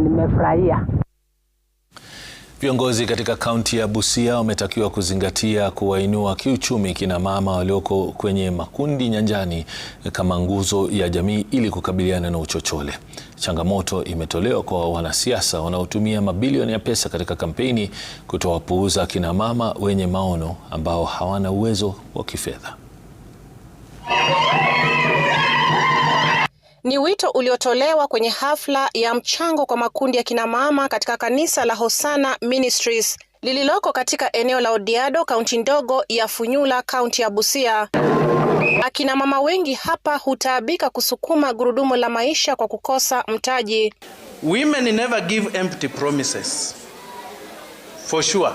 nimefurahia. Viongozi katika kaunti ya Busia wametakiwa kuzingatia kuwainua kiuchumi kina mama walioko kwenye makundi nyanjani kama nguzo ya jamii ili kukabiliana na uchochole. Changamoto imetolewa kwa wanasiasa wanaotumia mabilioni ya pesa katika kampeni kutowapuuza kina mama wenye maono ambao hawana uwezo wa kifedha. Ni wito uliotolewa kwenye hafla ya mchango kwa makundi ya kinamama katika kanisa la Hosana Ministries lililoko katika eneo la Odiado, kaunti ndogo ya Funyula, kaunti ya Busia. Akina mama wengi hapa hutaabika kusukuma gurudumu la maisha kwa kukosa mtaji. Women never give empty promises. For sure.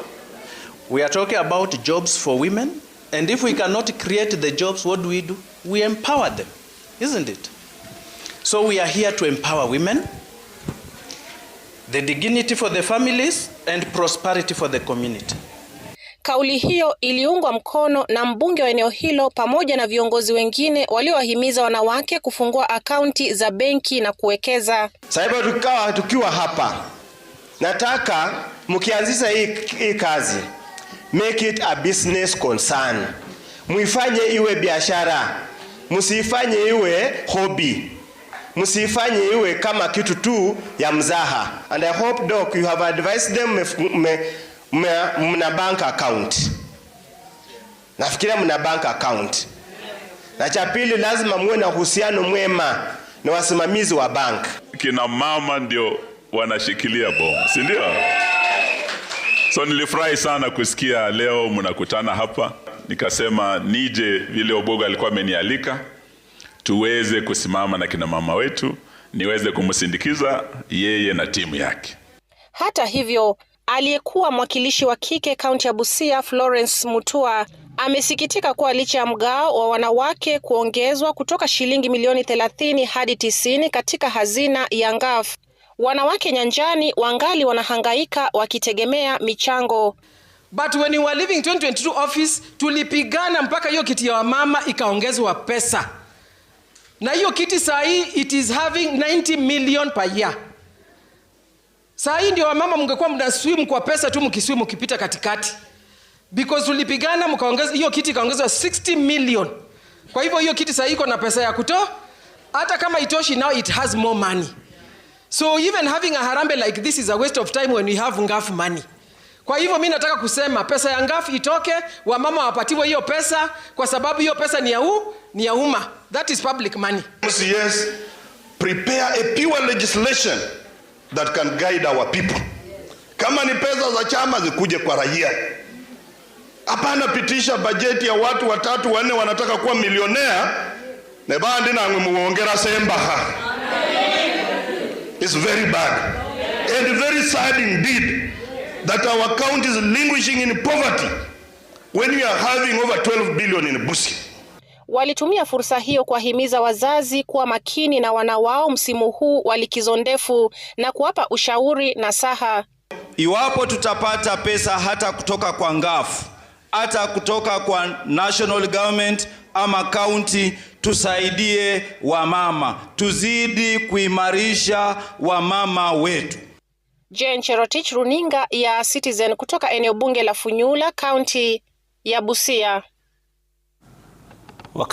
We are talking about jobs for women and if we cannot create the jobs what do we do? We empower them. Isn't it? So we are here to empower women, the dignity for the families and prosperity for the community. Kauli hiyo iliungwa mkono na mbunge wa eneo hilo pamoja na viongozi wengine waliowahimiza wanawake kufungua akaunti za benki na kuwekeza. Sasa tukawa tukiwa hapa, nataka mkianzisha hii, hii kazi make it a business concern, muifanye iwe biashara, msiifanye iwe hobby msifanye iwe kama kitu tu ya mzaha. And I hope doc you have advised them mna bank account. Nafikiria mna bank account. Na cha pili, lazima muwe na uhusiano mwema na wasimamizi wa bank. Kina mama ndio wanashikilia bomu, si ndio? So nilifurahi sana kusikia leo mnakutana hapa, nikasema nije vile Oboga alikuwa amenialika tuweze kusimama na kina mama wetu, niweze kumsindikiza yeye na timu yake. Hata hivyo, aliyekuwa mwakilishi wa kike kaunti ya Busia Florence Mutua amesikitika kuwa licha ya mgao wa wanawake kuongezwa kutoka shilingi milioni 30 hadi 90 katika hazina ya Ngaf, wanawake nyanjani wangali wanahangaika wakitegemea michango. But when you were leaving 2022 office tulipigana mpaka hiyo kiti ya wamama ikaongezwa pesa na hiyo kiti saa hii it is having 90 million per year. Saa hii ndio wamama mngekuwa mnaswim kwa pesa tu, mkiswim ukipita katikati, because tulipigana, mkaongeza hiyo kiti ikaongezwa 60 million. Kwa hivyo hiyo kiti saa hii iko na pesa ya kutoa, hata kama itoshi, now it has more money. So even having a harambe like this is a waste of time when we have ngafu money. Kwa hivyo mi nataka kusema pesa ya ngafu itoke, wamama wapatiwe hiyo pesa, kwa sababu hiyo pesa ni ya u, ni ya umma. That is public money. Yes, prepare a pure legislation that can guide our people. Kama ni pesa za chama zikuje kwa raia. Hapana, pitisha bajeti ya watu watatu wanne wanataka kuwa milionea ne bandi muwongera sembaha. It's very bad and very sad indeed that our county is languishing in poverty when we are having over 12 billion in Busia. Walitumia fursa hiyo kuwahimiza wazazi kuwa makini na wana wao msimu huu wa likizo ndefu na kuwapa ushauri na saha. Iwapo tutapata pesa hata kutoka kwa ngafu hata kutoka kwa national government ama county, tusaidie wamama, tuzidi kuimarisha wamama wetu. Jane Cherotich, runinga ya Citizen kutoka eneo bunge la Funyula, kaunti ya Busia.